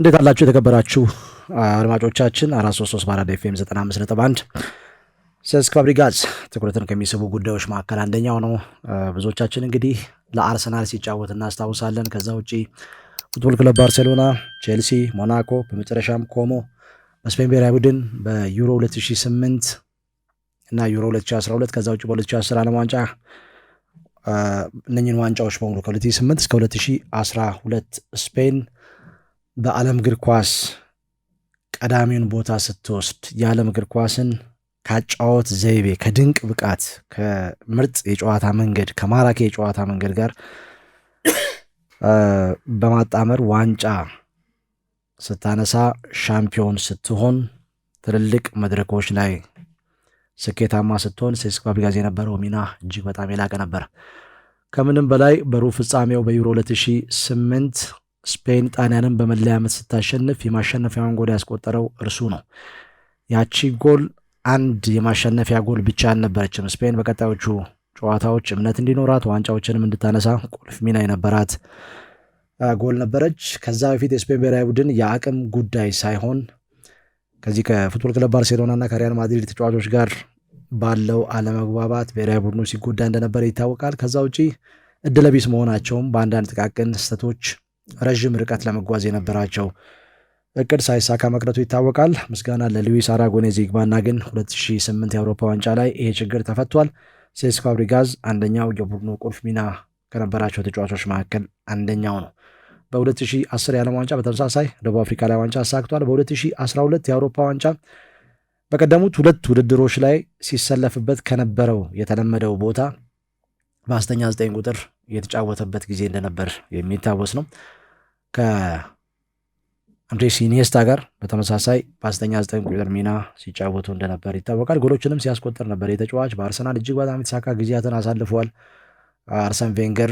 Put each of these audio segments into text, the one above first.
እንዴት አላችሁ የተከበራችሁ አድማጮቻችን? አራት ሶስት ሶስት በአራዳ ኤፍ ኤም ዘጠና አምስት ነጥብ አንድ ሴስክ ፋብሪጋዝ ትኩረትን ከሚስቡ ጉዳዮች መካከል አንደኛው ነው። ብዙዎቻችን እንግዲህ ለአርሰናል ሲጫወት እናስታውሳለን። ከዛ ውጪ ፉትቦል ክለብ ባርሴሎና፣ ቼልሲ፣ ሞናኮ በመጨረሻም ኮሞ በስፔን ብሔራዊ ቡድን በዩሮ 2008 እና ዩሮ 2012 ከዛ ውጭ በ2010 ዓለም ዋንጫ እነኝን ዋንጫዎች በሙሉ ከ2008 እስከ 2012 ስፔን በዓለም እግር ኳስ ቀዳሚውን ቦታ ስትወስድ የዓለም እግር ኳስን ካጫወት ዘይቤ ከድንቅ ብቃት ከምርጥ የጨዋታ መንገድ ከማራኪ የጨዋታ መንገድ ጋር በማጣመር ዋንጫ ስታነሳ ሻምፒዮን ስትሆን ትልልቅ መድረኮች ላይ ስኬታማ ስትሆን ሴስክ ፋብሪጋስ የነበረው ሚና እጅግ በጣም የላቀ ነበር። ከምንም በላይ በሩብ ፍጻሜው በዩሮ 2008 ስፔን ጣሊያንን በመለያ ምት ስታሸንፍ የማሸነፊያውን ጎል ያስቆጠረው እርሱ ነው። ያቺ ጎል አንድ የማሸነፊያ ጎል ብቻ አልነበረችም። ስፔን በቀጣዮቹ ጨዋታዎች እምነት እንዲኖራት ዋንጫዎችንም እንድታነሳ ቁልፍ ሚና የነበራት ጎል ነበረች። ከዛ በፊት የስፔን ብሔራዊ ቡድን የአቅም ጉዳይ ሳይሆን ከዚህ ከፉትቦል ክለብ ባርሴሎና ከሪያል ማድሪድ ተጫዋቾች ጋር ባለው አለመግባባት ብሔራዊ ቡድኑ ሲጎዳ እንደነበረ ይታወቃል። ከዛ ውጪ እድለቢስ መሆናቸውም በአንዳንድ ጥቃቅን ስህተቶች ረዥም ርቀት ለመጓዝ የነበራቸው እቅድ ሳይሳካ መቅረቱ ይታወቃል። ምስጋና ለሉዊስ አራጎኔዝ ይግባና ግን 2008 የአውሮፓ ዋንጫ ላይ ይሄ ችግር ተፈቷል። ሴስክ ፋብሪጋዝ አንደኛው የቡድኑ ቁልፍ ሚና ከነበራቸው ተጫዋቾች መካከል አንደኛው ነው። በ2010 የዓለም ዋንጫ በተመሳሳይ ደቡብ አፍሪካ ላይ ዋንጫ አሳክቷል። በ2012 የአውሮፓ ዋንጫ በቀደሙት ሁለት ውድድሮች ላይ ሲሰለፍበት ከነበረው የተለመደው ቦታ በ 9 ቁጥር የተጫወተበት ጊዜ እንደነበር የሚታወስ ነው። ከአንድሬስ ኢኒየስታ ጋር በተመሳሳይ በአስተኛ ዘጠኝ ቁጥር ሚና ሲጫወቱ እንደነበር ይታወቃል። ጎሎችንም ሲያስቆጥር ነበር። የተጫዋች በአርሰናል እጅግ በጣም የተሳካ ጊዜያትን አሳልፏል። አርሰን ቬንገር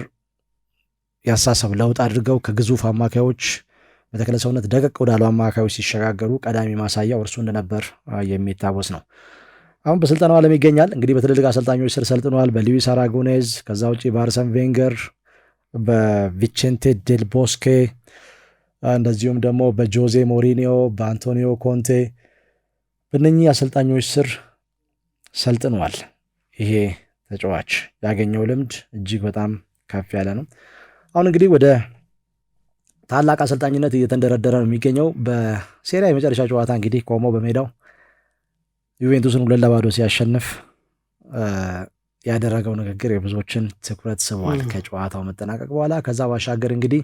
ያሳሰብ ለውጥ አድርገው ከግዙፍ አማካዮች በተክለ ሰውነት ደቀቅ ወዳሉ አማካዮች ሲሸጋገሩ ቀዳሚ ማሳያው እርሱ እንደነበር የሚታወስ ነው። አሁን በስልጠናው ዓለም ይገኛል። እንግዲህ በትልልቅ አሰልጣኞች ስር ሰልጥነዋል። በሉዊስ አራጎኔዝ ከዛ ውጭ በአርሰን ቬንገር በቪቼንቴ ዴል ቦስኬ እንደዚሁም ደግሞ በጆዜ ሞሪኒዮ፣ በአንቶኒዮ ኮንቴ በነኚህ አሰልጣኞች ስር ሰልጥነዋል። ይሄ ተጫዋች ያገኘው ልምድ እጅግ በጣም ከፍ ያለ ነው። አሁን እንግዲህ ወደ ታላቅ አሰልጣኝነት እየተንደረደረ ነው የሚገኘው። በሴሪያ የመጨረሻ ጨዋታ እንግዲህ ቆሞ በሜዳው ዩቬንቱስን ሁለት ለባዶ ሲያሸንፍ ያደረገው ንግግር የብዙዎችን ትኩረት ስቧል ከጨዋታው መጠናቀቅ በኋላ። ከዛ ባሻገር እንግዲህ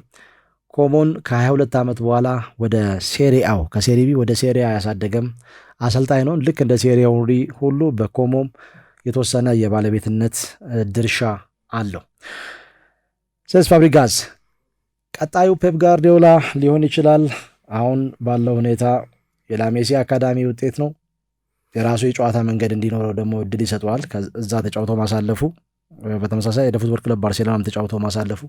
ኮሞን ከ22 ዓመት በኋላ ወደ ሴሪአው ከሴሪቢ ወደ ሴሪያ ያሳደገም አሰልጣኝ ነው። ልክ እንደ ሴሪያው ሁሉ በኮሞም የተወሰነ የባለቤትነት ድርሻ አለው። ሴስ ፋብሪጋዝ ቀጣዩ ፔፕ ጋርዲዮላ ሊሆን ይችላል። አሁን ባለው ሁኔታ የላሜሲ አካዳሚ ውጤት ነው። የራሱ የጨዋታ መንገድ እንዲኖረው ደግሞ እድል ይሰጠዋል። እዛ ተጫውቶ ማሳለፉ በተመሳሳይ ወደ ፉትቦል ክለብ ባርሴሎናም ተጫውቶ ማሳለፉ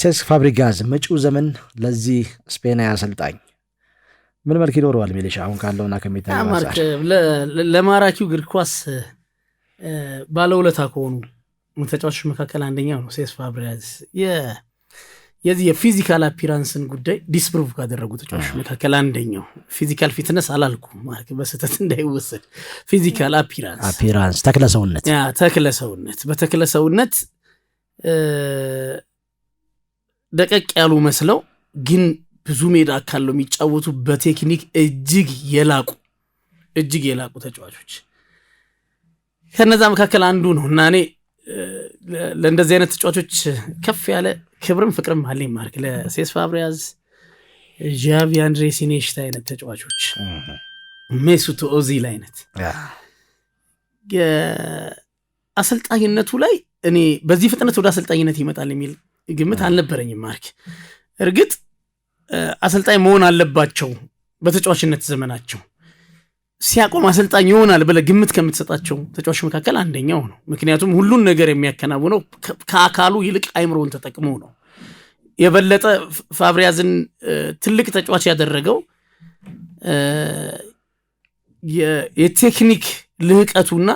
ሴስክ ፋብሪጋዝ መጪው ዘመን ለዚህ ስፔናዊ አሰልጣኝ ምን መልክ ይኖረዋል? ሚሊሻ አሁን ካለውና ከሚታ ለማራኪው እግር ኳስ ባለውለታ ከሆኑ ተጫዋቾች መካከል አንደኛው ነው ሴስ ፋብሪጋዝ የዚህ የፊዚካል አፒራንስን ጉዳይ ዲስፕሩቭ ካደረጉ ተጫዋች መካከል አንደኛው ፊዚካል ፊትነስ አላልኩም፣ በስህተት እንዳይወሰድ። ፊዚካል አፒራንስ ተክለሰውነት ተክለሰውነት በተክለሰውነት ደቀቅ ያሉ መስለው ግን ብዙ ሜዳ ካለው የሚጫወቱ በቴክኒክ እጅግ የላቁ እጅግ የላቁ ተጫዋቾች ከነዛ መካከል አንዱ ነው እና እኔ ለእንደዚህ አይነት ተጫዋቾች ከፍ ያለ ክብርም ፍቅርም አለኝ። ማርክ ለሴስ ፋብሪያዝ፣ ዣቪ አንድሬ ሲኔሽታ አይነት ተጫዋቾች ሜሱት ኦዚል አይነት አሰልጣኝነቱ ላይ እኔ በዚህ ፍጥነት ወደ አሰልጣኝነት ይመጣል የሚል ግምት አልነበረኝም። ማርክ እርግጥ አሰልጣኝ መሆን አለባቸው በተጫዋችነት ዘመናቸው ሲያቆም አሰልጣኝ ይሆናል ብለ ግምት ከምትሰጣቸው ተጫዋች መካከል አንደኛው ነው። ምክንያቱም ሁሉን ነገር የሚያከናውነው ከአካሉ ይልቅ አይምሮን ተጠቅሞ ነው። የበለጠ ፋብሪያዝን ትልቅ ተጫዋች ያደረገው የቴክኒክ ልህቀቱና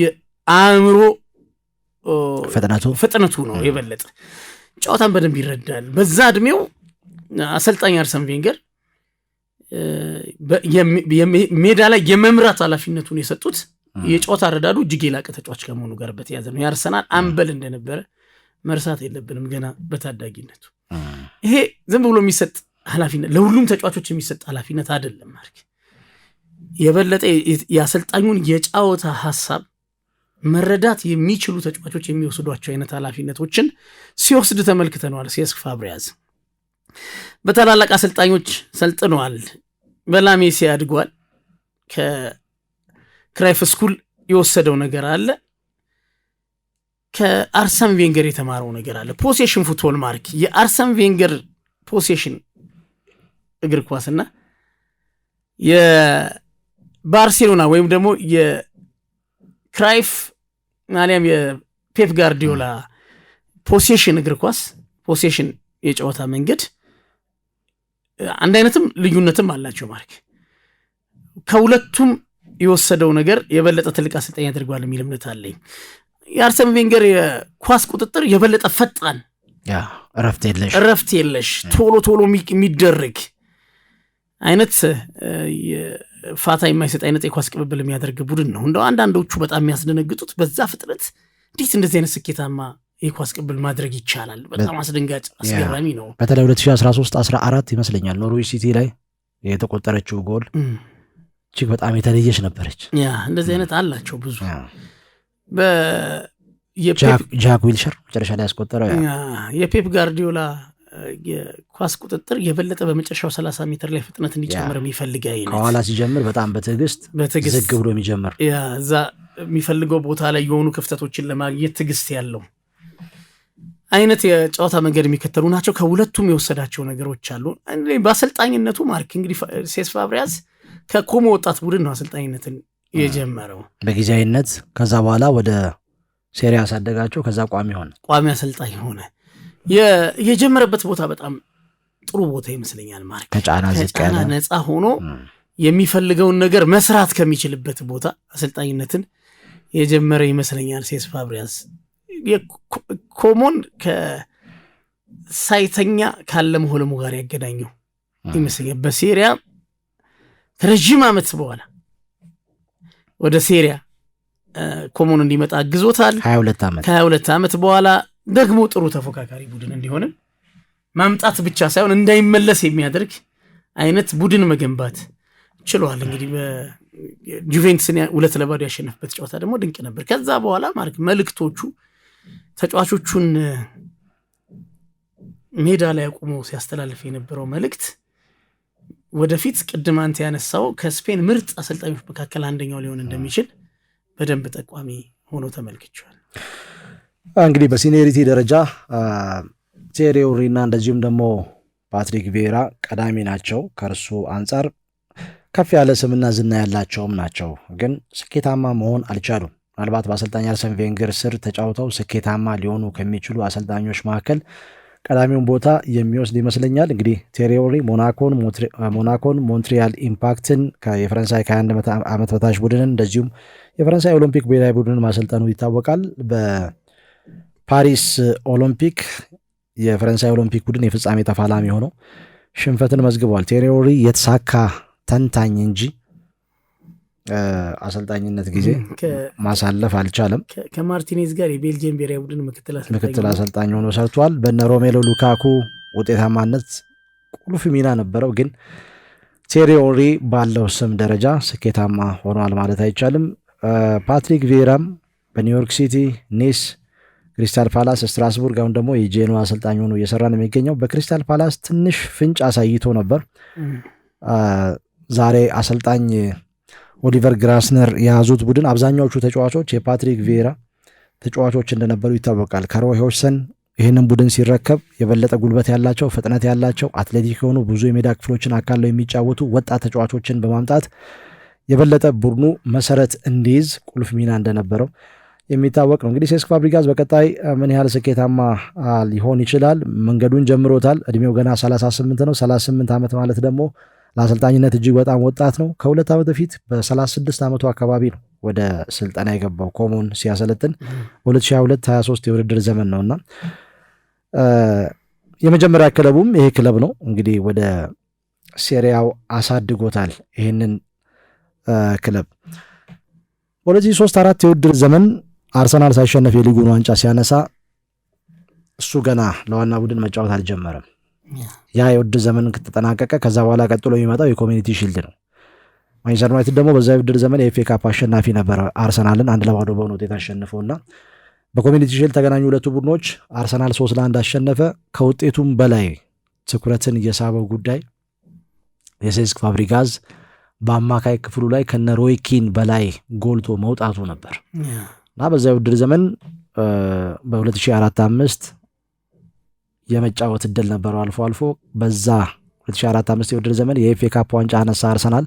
የአእምሮ ፍጥነቱ ነው። የበለጠ ጨዋታን በደንብ ይረዳል። በዛ እድሜው አሰልጣኝ አርሰን ቬንገር ሜዳ ላይ የመምራት ኃላፊነቱን የሰጡት የጨዋታ አረዳዱ እጅግ የላቀ ተጫዋች ከመሆኑ ጋር በተያዘ ነው። ያርሰናል አምበል እንደነበረ መርሳት የለብንም። ገና በታዳጊነቱ ይሄ ዝም ብሎ የሚሰጥ ኃላፊነት ለሁሉም ተጫዋቾች የሚሰጥ ኃላፊነት አይደለም። ማርክ የበለጠ የአሰልጣኙን የጫወታ ሀሳብ መረዳት የሚችሉ ተጫዋቾች የሚወስዷቸው አይነት ኃላፊነቶችን ሲወስድ ተመልክተነዋል። ሲስክ ፋብሪያዝ በታላላቅ አሰልጣኞች ሰልጥነዋል። በላሜሲ አድጓል። ከክራይፍ ስኩል የወሰደው ነገር አለ። ከአርሰን ቬንገር የተማረው ነገር አለ። ፖሴሽን ፉትቦል ማርክ የአርሰን ቬንገር ፖሴሽን እግር ኳስና የባርሴሎና ወይም ደግሞ የክራይፍ አሊያም የፔፕ ጋርዲዮላ ፖሴሽን እግር ኳስ ፖሴሽን የጨዋታ መንገድ አንድ አይነትም ልዩነትም አላቸው። ማርክ ከሁለቱም የወሰደው ነገር የበለጠ ትልቅ አሰልጣኝ ያደርገዋል የሚል እምነት አለኝ። የአርሰን ቬንገር የኳስ ቁጥጥር የበለጠ ፈጣን፣ እረፍት የለሽ እረፍት የለሽ ቶሎ ቶሎ የሚደረግ አይነት ፋታ የማይሰጥ አይነት የኳስ ቅብብል የሚያደርግ ቡድን ነው። እንደው አንዳንዶቹ በጣም የሚያስደነግጡት በዛ ፍጥነት እንዴት እንደዚህ አይነት ስኬታማ የኳስ ቅብል ማድረግ ይቻላል። በጣም አስደንጋጭ አስገራሚ ነው። በተለይ 2013 14 ይመስለኛል ኖርዊች ሲቲ ላይ የተቆጠረችው ጎል እጅግ በጣም የተለየች ነበረች። እንደዚህ አይነት አላቸው ብዙ ጃክ ዊልሸር መጨረሻ ላይ ያስቆጠረው የፔፕ ጋርዲዮላ የኳስ ቁጥጥር የበለጠ በመጨረሻው 30 ሜትር ላይ ፍጥነት እንዲጨምር የሚፈልግ አይነት ከኋላ ሲጀምር በጣም በትዕግስት ዝግ ብሎ የሚጀምር እዛ የሚፈልገው ቦታ ላይ የሆኑ ክፍተቶችን ለማግኘት ትዕግስት ያለው አይነት የጨዋታ መንገድ የሚከተሉ ናቸው። ከሁለቱም የወሰዳቸው ነገሮች አሉ። በአሰልጣኝነቱ ማርክ እንግዲህ ሴስ ፋብሪያስ ከኮሞ ወጣት ቡድን ነው አሰልጣኝነትን የጀመረው በጊዜያዊነት። ከዛ በኋላ ወደ ሴሪያ ያሳደጋቸው፣ ከዛ ቋሚ ሆነ ቋሚ አሰልጣኝ ሆነ። የጀመረበት ቦታ በጣም ጥሩ ቦታ ይመስለኛል። ማርክ ከጫና ከጫና ነፃ ሆኖ የሚፈልገውን ነገር መስራት ከሚችልበት ቦታ አሰልጣኝነትን የጀመረ ይመስለኛል ሴስ ፋብሪያስ ኮሞን ከሳይተኛ ካለመሆኑ ጋር ያገናኘው ይመስለኛል። በሴሪያ ረዥም ዓመት በኋላ ወደ ሴሪያ ኮሞን እንዲመጣ አግዞታል። ከሀያ ሁለት ዓመት በኋላ ደግሞ ጥሩ ተፎካካሪ ቡድን እንዲሆንም ማምጣት ብቻ ሳይሆን እንዳይመለስ የሚያደርግ አይነት ቡድን መገንባት ችለዋል። እንግዲህ በጁቬንትስን ሁለት ለባዶ ያሸነፍበት ጨዋታ ደግሞ ድንቅ ነበር። ከዛ በኋላ ማለት መልእክቶቹ ተጫዋቾቹን ሜዳ ላይ አቁሞ ሲያስተላልፍ የነበረው መልእክት ወደፊት ቅድም አንተ ያነሳው ከስፔን ምርጥ አሰልጣኞች መካከል አንደኛው ሊሆን እንደሚችል በደንብ ጠቋሚ ሆኖ ተመልክቸዋል። እንግዲህ በሲኒሪቲ ደረጃ ቴሪ እንደዚሁም ደግሞ ፓትሪክ ቬራ ቀዳሚ ናቸው። ከእርሱ አንጻር ከፍ ያለ ስምና ዝና ያላቸውም ናቸው፣ ግን ስኬታማ መሆን አልቻሉም። ምናልባት በአሰልጣኝ አርሰን ቬንገር ስር ተጫውተው ስኬታማ ሊሆኑ ከሚችሉ አሰልጣኞች መካከል ቀዳሚውን ቦታ የሚወስድ ይመስለኛል። እንግዲህ ቴሪዮሪ ሞናኮን፣ ሞንትሪያል ኢምፓክትን፣ የፈረንሳይ ከ21 ዓመት በታች ቡድንን እንደዚሁም የፈረንሳይ ኦሎምፒክ ብሔራዊ ቡድንን ማሰልጠኑ ይታወቃል። በፓሪስ ኦሎምፒክ የፈረንሳይ ኦሎምፒክ ቡድን የፍጻሜ ተፋላሚ ሆነው ሽንፈትን መዝግቧል። ቴሪዮሪ የተሳካ ተንታኝ እንጂ አሰልጣኝነት ጊዜ ማሳለፍ አልቻለም። ከማርቲኔዝ ጋር የቤልጅየም ብሔራዊ ቡድን ምክትል አሰልጣኝ ሆኖ ሰርቷል። በነ ሮሜሎ ሉካኩ ውጤታማነት ቁልፍ ሚና ነበረው፣ ግን ቴሪ ኦንሪ ባለው ስም ደረጃ ስኬታማ ሆኗል ማለት አይቻልም። ፓትሪክ ቪራም በኒውዮርክ ሲቲ፣ ኒስ፣ ክሪስታል ፓላስ፣ ስትራስቡርግ አሁን ደግሞ የጄኖዋ አሰልጣኝ ሆኖ እየሰራ ነው የሚገኘው። በክሪስታል ፓላስ ትንሽ ፍንጭ አሳይቶ ነበር። ዛሬ አሰልጣኝ ኦሊቨር ግራስነር የያዙት ቡድን አብዛኛዎቹ ተጫዋቾች የፓትሪክ ቪዬራ ተጫዋቾች እንደነበሩ ይታወቃል። ከሮይ ሆጅሰን ይህንን ቡድን ሲረከብ የበለጠ ጉልበት ያላቸው፣ ፍጥነት ያላቸው፣ አትሌቲክ የሆኑ ብዙ የሜዳ ክፍሎችን አካለው የሚጫወቱ ወጣት ተጫዋቾችን በማምጣት የበለጠ ቡድኑ መሰረት እንዲይዝ ቁልፍ ሚና እንደነበረው የሚታወቅ ነው። እንግዲህ ሴስክ ፋብሪጋዝ በቀጣይ ምን ያህል ስኬታማ ሊሆን ይችላል? መንገዱን ጀምሮታል። እድሜው ገና 38 ነው። 38 ዓመት ማለት ደግሞ ለአሰልጣኝነት እጅግ በጣም ወጣት ነው። ከሁለት ዓመት በፊት በ36 ዓመቱ አካባቢ ነው ወደ ስልጠና የገባው ኮሞን ሲያሰለጥን 2022/23 የውድድር ዘመን ነው እና የመጀመሪያ ክለቡም ይሄ ክለብ ነው። እንግዲህ ወደ ሴሪያው አሳድጎታል ይህንን ክለብ። ወደዚህ ሶስት አራት የውድድር ዘመን አርሰናል ሳይሸነፍ የሊጉን ዋንጫ ሲያነሳ እሱ ገና ለዋና ቡድን መጫወት አልጀመረም። ያ የውድ ዘመን ከተጠናቀቀ ከዛ በኋላ ቀጥሎ የሚመጣው የኮሚኒቲ ሺልድ ነው። ማንቸስተር ዩናይትድ ደግሞ በዛ ውድድር ዘመን የኤፍ ኤ ካፕ አሸናፊ ነበረ አርሰናልን አንድ ለባዶ በሆነ ውጤት አሸንፈው እና በኮሚኒቲ ሺልድ ተገናኙ ሁለቱ ቡድኖች። አርሰናል ሶስት ለአንድ አሸነፈ። ከውጤቱም በላይ ትኩረትን እየሳበው ጉዳይ የሴስክ ፋብሪጋዝ በአማካይ ክፍሉ ላይ ከነ ሮይኪን በላይ ጎልቶ መውጣቱ ነበር እና በዛ ውድድር ዘመን በ2004/5 የመጫወት እድል ነበረው አልፎ አልፎ በዛ 2004/5 የውድድር ዘመን የኤፌ ካፕ ዋንጫ አነሳ አርሰናል።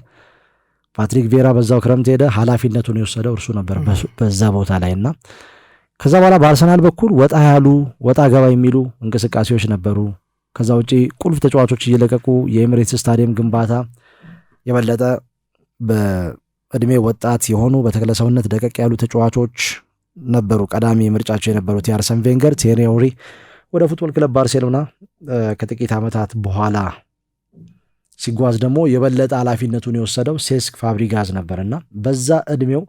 ፓትሪክ ቬራ በዛው ክረምት ሄደ። ኃላፊነቱን የወሰደው እርሱ ነበር በዛ ቦታ ላይ እና ከዛ በኋላ በአርሰናል በኩል ወጣ ያሉ ወጣ ገባ የሚሉ እንቅስቃሴዎች ነበሩ። ከዛ ውጪ ቁልፍ ተጫዋቾች እየለቀቁ የኤሚሬትስ ስታዲየም ግንባታ የበለጠ በእድሜ ወጣት የሆኑ በተክለ ሰውነት ደቀቅ ያሉ ተጫዋቾች ነበሩ ቀዳሚ ምርጫቸው የነበሩት የአርሰን ቬንገር ቴሪ ኦንሪ ወደ ፉትቦል ክለብ ባርሴሎና ከጥቂት ዓመታት በኋላ ሲጓዝ ደግሞ የበለጠ ኃላፊነቱን የወሰደው ሴስክ ፋብሪጋዝ ነበር እና በዛ እድሜው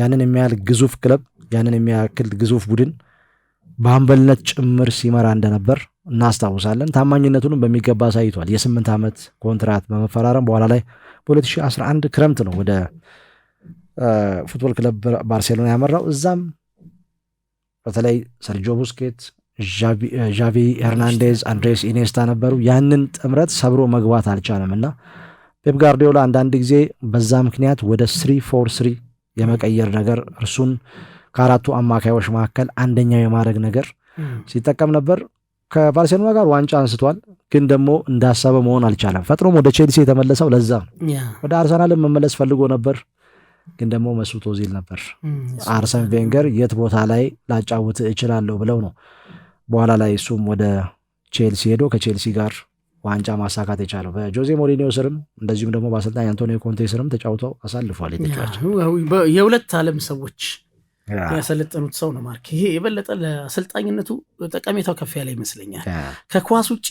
ያንን የሚያህል ግዙፍ ክለብ ያንን የሚያክል ግዙፍ ቡድን በአምበልነት ጭምር ሲመራ እንደነበር እናስታውሳለን። ታማኝነቱንም በሚገባ አሳይቷል። የስምንት ዓመት ኮንትራት በመፈራረም በኋላ ላይ በ2011 ክረምት ነው ወደ ፉትቦል ክለብ ባርሴሎና ያመራው። እዛም በተለይ ሰርጆ ቡስኬት ዣቪ ሄርናንዴዝ፣ አንድሬስ ኢኔስታ ነበሩ። ያንን ጥምረት ሰብሮ መግባት አልቻለም እና ፔፕ ጋርዲዮላ አንዳንድ ጊዜ በዛ ምክንያት ወደ ስሪ ፎር ስሪ የመቀየር ነገር እርሱን ከአራቱ አማካዮች መካከል አንደኛው የማድረግ ነገር ሲጠቀም ነበር። ከባርሴሎና ጋር ዋንጫ አንስቷል፣ ግን ደግሞ እንዳሰበ መሆን አልቻለም። ፈጥኖም ወደ ቼልሲ የተመለሰው ለዛ ወደ አርሰናል መመለስ ፈልጎ ነበር፣ ግን ደግሞ መስኡት ኦዚል ነበር አርሰን ቬንገር የት ቦታ ላይ ላጫውት እችላለሁ ብለው ነው በኋላ ላይ እሱም ወደ ቼልሲ ሄዶ ከቼልሲ ጋር ዋንጫ ማሳካት የቻለው በጆዜ ሞሪኒዮ ስርም እንደዚሁም ደግሞ በአሰልጣኝ አንቶኒዮ ኮንቴ ስርም ተጫውተው አሳልፏል። የሁለት ዓለም ሰዎች ያሰለጠኑት ሰው ነው ማርክ። ይሄ የበለጠ ለአሰልጣኝነቱ ጠቀሜታው ከፍ ያለ ይመስለኛል። ከኳስ ውጭ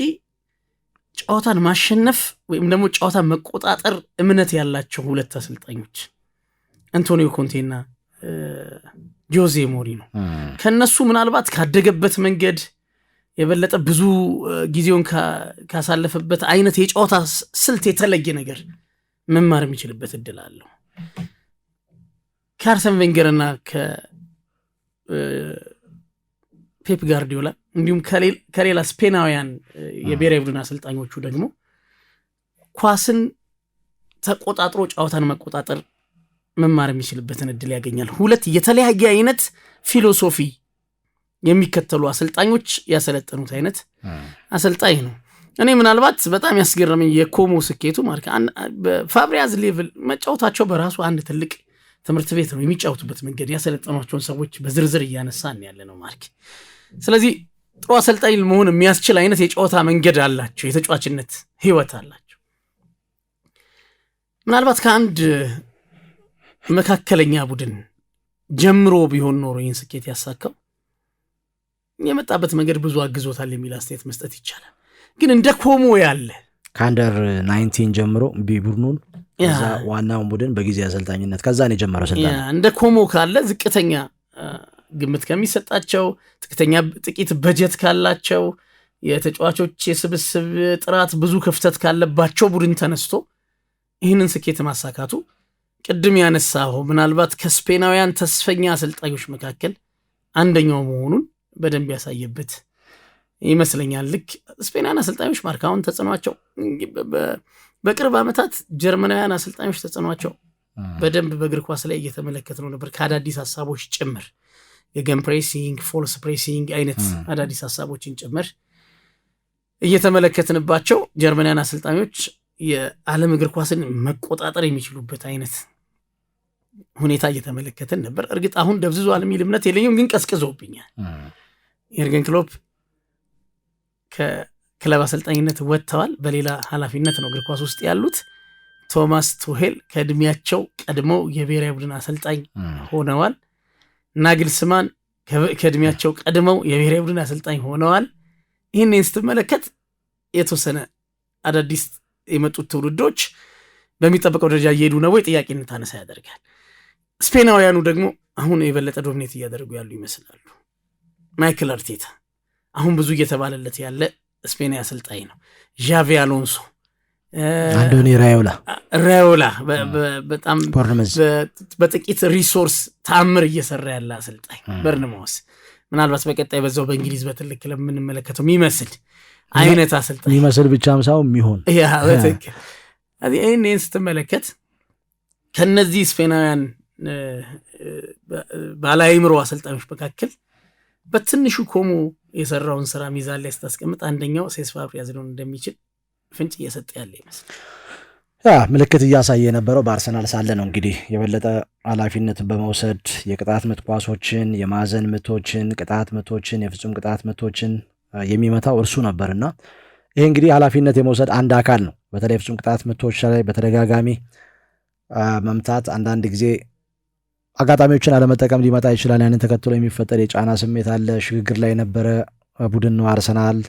ጨዋታን ማሸነፍ ወይም ደግሞ ጨዋታን መቆጣጠር እምነት ያላቸው ሁለት አሰልጣኞች አንቶኒዮ ኮንቴና ጆዜ ሞሪኖ ከእነሱ ምናልባት ካደገበት መንገድ የበለጠ ብዙ ጊዜውን ካሳለፈበት አይነት የጨዋታ ስልት የተለየ ነገር መማር የሚችልበት እድል አለው። ከአርሰን ቬንገርና ከፔፕ ጋርዲዮላ እንዲሁም ከሌላ ስፔናውያን የብሔራዊ ቡድን አሰልጣኞቹ ደግሞ ኳስን ተቆጣጥሮ ጨዋታን መቆጣጠር መማር የሚችልበትን እድል ያገኛል። ሁለት የተለያየ አይነት ፊሎሶፊ የሚከተሉ አሰልጣኞች ያሰለጠኑት አይነት አሰልጣኝ ነው። እኔ ምናልባት በጣም ያስገረመኝ የኮሞ ስኬቱ ማለት በፋብሪያዝ ሌቭል መጫወታቸው በራሱ አንድ ትልቅ ትምህርት ቤት ነው። የሚጫወቱበት መንገድ ያሰለጠኗቸውን ሰዎች በዝርዝር እያነሳን ያለ ነው ማለት ስለዚህ ጥሩ አሰልጣኝ መሆን የሚያስችል አይነት የጨዋታ መንገድ አላቸው። የተጫዋችነት ህይወት አላቸው። ምናልባት ከአንድ መካከለኛ ቡድን ጀምሮ ቢሆን ኖሮ ይህን ስኬት ያሳካው የመጣበት መንገድ ብዙ አግዞታል የሚል አስተያየት መስጠት ይቻላል። ግን እንደ ኮሞ ያለ ከአንደር ናይንቲን ጀምሮ ቡድኑን ዋናውን ቡድን በጊዜ አሰልጣኝነት ከዛን የጀመረው ስልጣ እንደ ኮሞ ካለ ዝቅተኛ ግምት ከሚሰጣቸው ጥቅተኛ ጥቂት በጀት ካላቸው የተጫዋቾች የስብስብ ጥራት ብዙ ክፍተት ካለባቸው ቡድን ተነስቶ ይህንን ስኬት ማሳካቱ ቅድም ያነሳሁ ምናልባት ከስፔናውያን ተስፈኛ አሰልጣኞች መካከል አንደኛው መሆኑን በደንብ ያሳየበት ይመስለኛል። ልክ ስፔናውያን አሰልጣኞች ማርካውን ተጽዕኗቸው በቅርብ ዓመታት ጀርመናውያን አሰልጣኞች ተጽዕኗቸው በደንብ በእግር ኳስ ላይ እየተመለከት ነው ነበር ከአዳዲስ ሀሳቦች ጭምር የገን ፕሬሲንግ፣ ፎልስ ፕሬሲንግ አይነት አዳዲስ ሀሳቦችን ጭምር እየተመለከትንባቸው ጀርመናውያን አሰልጣኞች የዓለም እግር ኳስን መቆጣጠር የሚችሉበት አይነት ሁኔታ እየተመለከትን ነበር። እርግጥ አሁን ደብዝዟል የሚል እምነት የለኝም፣ ግን ቀዝቅዞብኛል። የርገን ክሎፕ ከክለብ አሰልጣኝነት ወጥተዋል። በሌላ ኃላፊነት ነው እግር ኳስ ውስጥ ያሉት። ቶማስ ቱሄል ከእድሜያቸው ቀድመው የብሔራዊ ቡድን አሰልጣኝ ሆነዋል። ናግልስማን ከእድሜያቸው ቀድመው የብሔራዊ ቡድን አሰልጣኝ ሆነዋል። ይህንን ስትመለከት የተወሰነ አዳዲስ የመጡት ትውልዶች በሚጠበቀው ደረጃ እየሄዱ ነው ወይ ጥያቄነት አነሳ ያደርጋል። ስፔናውያኑ ደግሞ አሁን የበለጠ ዶሚኔት እያደረጉ ያሉ ይመስላሉ። ማይክል አርቴታ አሁን ብዙ እየተባለለት ያለ ስፔናዊ አሰልጣኝ ነው። ዣቪ አሎንሶ፣ አንዶኒ ራዮላ ራዮላ በጣም በጥቂት ሪሶርስ ተአምር እየሰራ ያለ አሰልጣኝ በርንማውስ ምናልባት በቀጣይ በዛው በእንግሊዝ በትልቅ ክለብ የምንመለከተው የሚመስል አይነት አሰልጣኝ የሚመስል ብቻም ሳይሆን የሚሆን ይህን ስትመለከት ከነዚህ ስፔናውያን ባለአእምሮ አሰልጣኞች መካከል በትንሹ ኮሞ የሰራውን ስራ ሚዛን ላይ ስታስቀምጥ አንደኛው ሴስ ፋብሪጋስ ሊሆን እንደሚችል ፍንጭ እየሰጠ ያለ ይመስል ያ ምልክት እያሳየ የነበረው በአርሰናል ሳለ ነው። እንግዲህ የበለጠ ኃላፊነት በመውሰድ የቅጣት ምት ኳሶችን፣ የማዕዘን ምቶችን፣ ቅጣት ምቶችን፣ የፍጹም ቅጣት ምቶችን የሚመታው እርሱ ነበርና ይህ እንግዲህ ኃላፊነት የመውሰድ አንድ አካል ነው። በተለይ ፍጹም ቅጣት ምቶች ላይ በተደጋጋሚ መምታት አንዳንድ ጊዜ አጋጣሚዎችን አለመጠቀም ሊመጣ ይችላል። ያንን ተከትሎ የሚፈጠር የጫና ስሜት አለ። ሽግግር ላይ የነበረ ቡድን ነው አርሰናል።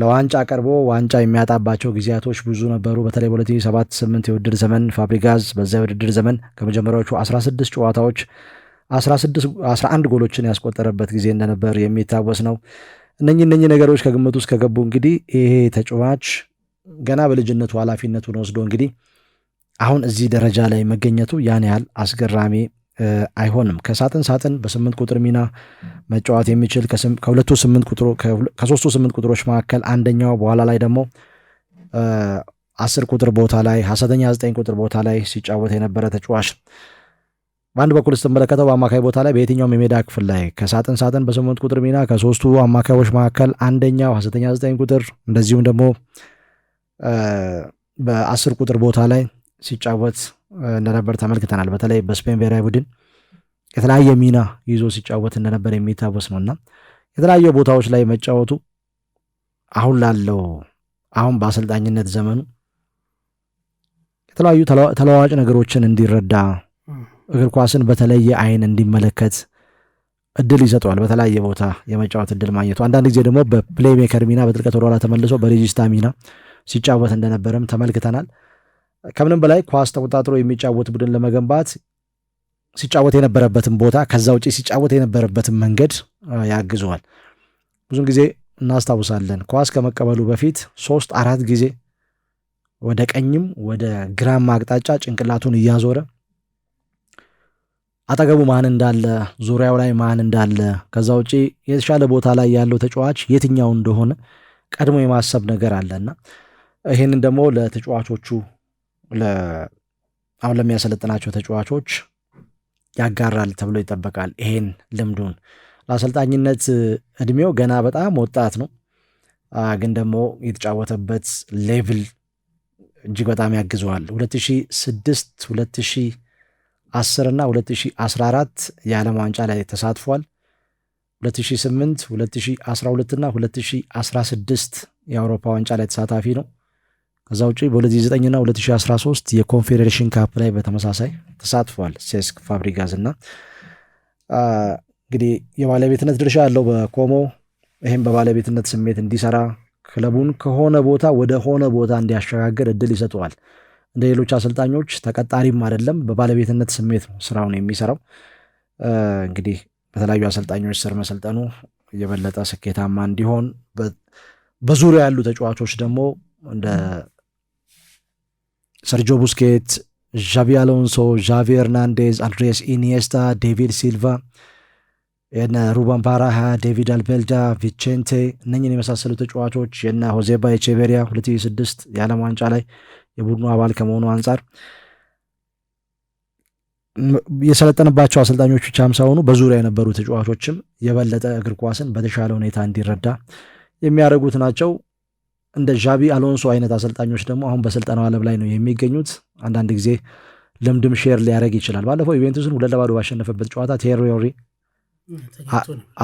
ለዋንጫ ቀርቦ ዋንጫ የሚያጣባቸው ጊዜያቶች ብዙ ነበሩ። በተለይ በ2007/8 የውድድር ዘመን ፋብሪጋዝ በዚያ የውድድር ዘመን ከመጀመሪያዎቹ 16 ጨዋታዎች 11 ጎሎችን ያስቆጠረበት ጊዜ እንደነበር የሚታወስ ነው። እነኚህ እነኚህ ነገሮች ከግምት ውስጥ ከገቡ እንግዲህ ይሄ ተጫዋች ገና በልጅነቱ ኃላፊነቱን ወስዶ እንግዲህ አሁን እዚህ ደረጃ ላይ መገኘቱ ያን ያህል አስገራሚ አይሆንም። ከሳጥን ሳጥን በስምንት ቁጥር ሚና መጫወት የሚችል ከሁለቱ ስምንት ቁጥሮ ከሶስቱ ስምንት ቁጥሮች መካከል አንደኛው በኋላ ላይ ደግሞ አስር ቁጥር ቦታ ላይ ሀሰተኛ ዘጠኝ ቁጥር ቦታ ላይ ሲጫወት የነበረ ተጫዋች በአንድ በኩል ስትመለከተው በአማካይ ቦታ ላይ በየትኛውም የሜዳ ክፍል ላይ ከሳጥን ሳጥን በስምንት ቁጥር ሚና ከሶስቱ አማካዮች መካከል አንደኛው ዘጠኝ ቁጥር እንደዚሁም ደግሞ በአስር ቁጥር ቦታ ላይ ሲጫወት እንደነበር ተመልክተናል። በተለይ በስፔን ብሔራዊ ቡድን የተለያየ ሚና ይዞ ሲጫወት እንደነበር የሚታወስ ነው እና የተለያዩ ቦታዎች ላይ መጫወቱ አሁን ላለው አሁን በአሰልጣኝነት ዘመኑ የተለያዩ ተለዋዋጭ ነገሮችን እንዲረዳ እግር ኳስን በተለየ አይን እንዲመለከት እድል ይሰጠዋል። በተለያየ ቦታ የመጫወት እድል ማግኘቱ አንዳንድ ጊዜ ደግሞ በፕሌሜከር ሚና በጥልቀት ወደኋላ ተመልሶ በሬጂስታ ሚና ሲጫወት እንደነበረም ተመልክተናል። ከምንም በላይ ኳስ ተቆጣጥሮ የሚጫወት ቡድን ለመገንባት ሲጫወት የነበረበትን ቦታ ከዛ ውጪ ሲጫወት የነበረበትን መንገድ ያግዘዋል። ብዙን ጊዜ እናስታውሳለን ኳስ ከመቀበሉ በፊት ሶስት አራት ጊዜ ወደ ቀኝም ወደ ግራም አቅጣጫ ጭንቅላቱን እያዞረ አጠገቡ ማን እንዳለ ዙሪያው ላይ ማን እንዳለ ከዛ ውጪ የተሻለ ቦታ ላይ ያለው ተጫዋች የትኛው እንደሆነ ቀድሞ የማሰብ ነገር አለና ይህንን ደግሞ ለተጫዋቾቹ አሁን ለሚያሰለጥናቸው ተጫዋቾች ያጋራል ተብሎ ይጠበቃል። ይሄን ልምዱን ለአሰልጣኝነት እድሜው ገና በጣም ወጣት ነው፣ ግን ደግሞ የተጫወተበት ሌቭል እጅግ በጣም ያግዘዋል። 2006 2000 10 እና 2014 የዓለም ዋንጫ ላይ ተሳትፏል። 2008፣ 2012 እና 2016 የአውሮፓ ዋንጫ ላይ ተሳታፊ ነው። ከዛ ውጪ በ2009 እና 2013 የኮንፌዴሬሽን ካፕ ላይ በተመሳሳይ ተሳትፏል። ሴስክ ፋብሪጋዝ እና እንግዲህ የባለቤትነት ድርሻ አለው በኮሞ ይህም በባለቤትነት ስሜት እንዲሰራ ክለቡን ከሆነ ቦታ ወደ ሆነ ቦታ እንዲያሸጋግር እድል ይሰጠዋል። እንደ ሌሎች አሰልጣኞች ተቀጣሪም አይደለም። በባለቤትነት ስሜት ነው ስራውን የሚሰራው። እንግዲህ በተለያዩ አሰልጣኞች ስር መሰልጠኑ የበለጠ ስኬታማ እንዲሆን በዙሪያ ያሉ ተጫዋቾች ደግሞ እንደ ሰርጆ ቡስኬት፣ ዣቪ አሎንሶ፣ ዣቪ ኤርናንዴዝ፣ አንድሬስ ኢኒየስታ፣ ዴቪድ ሲልቫ፣ የነ ሩበን ባራሃ፣ ዴቪድ አልቤልዳ፣ ቪቼንቴ እነኝን የመሳሰሉ ተጫዋቾች የነ ሆዜባ ባየቼቨሪያ 2006 የዓለም ዋንጫ ላይ የቡድኑ አባል ከመሆኑ አንጻር የሰለጠነባቸው አሰልጣኞች ብቻም ሳይሆኑ በዙሪያ የነበሩ ተጫዋቾችም የበለጠ እግር ኳስን በተሻለ ሁኔታ እንዲረዳ የሚያደርጉት ናቸው። እንደ ዣቢ አሎንሶ አይነት አሰልጣኞች ደግሞ አሁን በስልጠናው ዓለም ላይ ነው የሚገኙት። አንዳንድ ጊዜ ልምድም ሼር ሊያደርግ ይችላል። ባለፈው ዩቬንቱስን ሁለት ለባዶ ባሸነፈበት ጨዋታ ቴሪዮሪ፣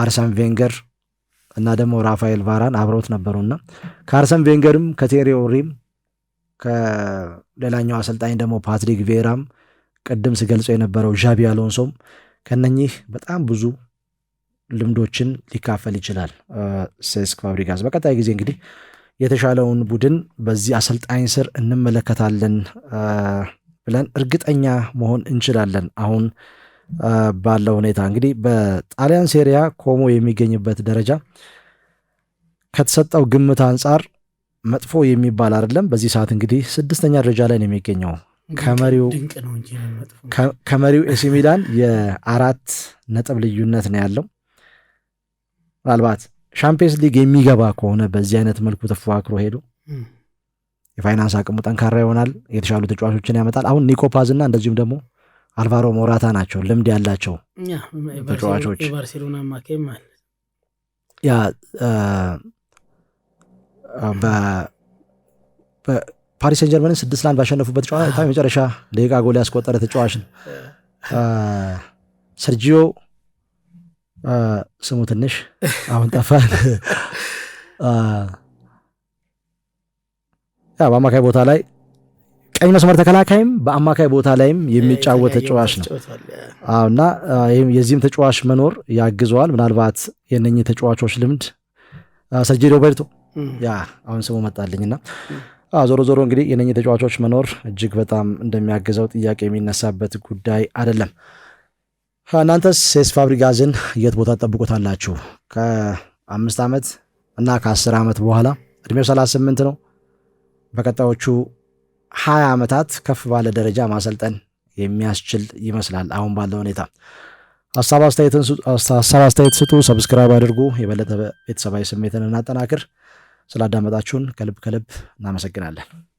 አርሰን ቬንገር እና ደግሞ ራፋኤል ቫራን አብረውት ነበሩና ከአርሰን ቬንገርም ከቴሪዮሪም ከሌላኛው አሰልጣኝ ደግሞ ፓትሪክ ቬራም ቅድም ስገልጾ የነበረው ዣቢ አሎንሶም ከነኚህ በጣም ብዙ ልምዶችን ሊካፈል ይችላል። ሴስክ ፋብሪጋስ በቀጣይ ጊዜ እንግዲህ የተሻለውን ቡድን በዚህ አሰልጣኝ ስር እንመለከታለን ብለን እርግጠኛ መሆን እንችላለን። አሁን ባለው ሁኔታ እንግዲህ በጣሊያን ሴሪያ ኮሞ የሚገኝበት ደረጃ ከተሰጠው ግምት አንጻር መጥፎ የሚባል አይደለም። በዚህ ሰዓት እንግዲህ ስድስተኛ ደረጃ ላይ ነው የሚገኘው ከመሪው ኤሲ ሚላን የአራት ነጥብ ልዩነት ነው ያለው። ምናልባት ሻምፒየንስ ሊግ የሚገባ ከሆነ በዚህ አይነት መልኩ ተፎካክሮ ሄዶ የፋይናንስ አቅሙ ጠንካራ ይሆናል። የተሻሉ ተጫዋቾችን ያመጣል። አሁን ኒኮፓዝ እና እንደዚሁም ደግሞ አልቫሮ ሞራታ ናቸው ልምድ ያላቸው ተጫዋቾች ያ ፓሪስ ሴን ጀርመንን ስድስት ለአንድ ባሸነፉበት ጨዋታ የመጨረሻ ደቂቃ ጎል ያስቆጠረ ተጫዋች ነው ሰርጂዮ ስሙ ትንሽ አሁን ጠፋል። በአማካይ ቦታ ላይ ቀኝ መስመር ተከላካይም በአማካይ ቦታ ላይም የሚጫወት ተጫዋች ነው እና የዚህም ተጫዋች መኖር ያግዘዋል። ምናልባት የነኚህ ተጫዋቾች ልምድ ሰርጂ ሮቤርቶ ያ አሁን ስሙ መጣልኝና ዞሮ ዞሮ እንግዲህ የነኝ ተጫዋቾች መኖር እጅግ በጣም እንደሚያግዘው ጥያቄ የሚነሳበት ጉዳይ አይደለም። እናንተስ ሴስ ፋብሪጋዝን የት ቦታ ጠብቆታላችሁ? ከአምስት ዓመት እና ከአስር ዓመት በኋላ እድሜው 38 ነው። በቀጣዮቹ 20 ዓመታት ከፍ ባለ ደረጃ ማሰልጠን የሚያስችል ይመስላል አሁን ባለው ሁኔታ። ሀሳብ አስተያየት ስጡ፣ ሰብስክራይብ አድርጉ። የበለጠ ቤተሰባዊ ስሜትን እናጠናክር። ስላዳመጣችሁን ከልብ ከልብ እናመሰግናለን።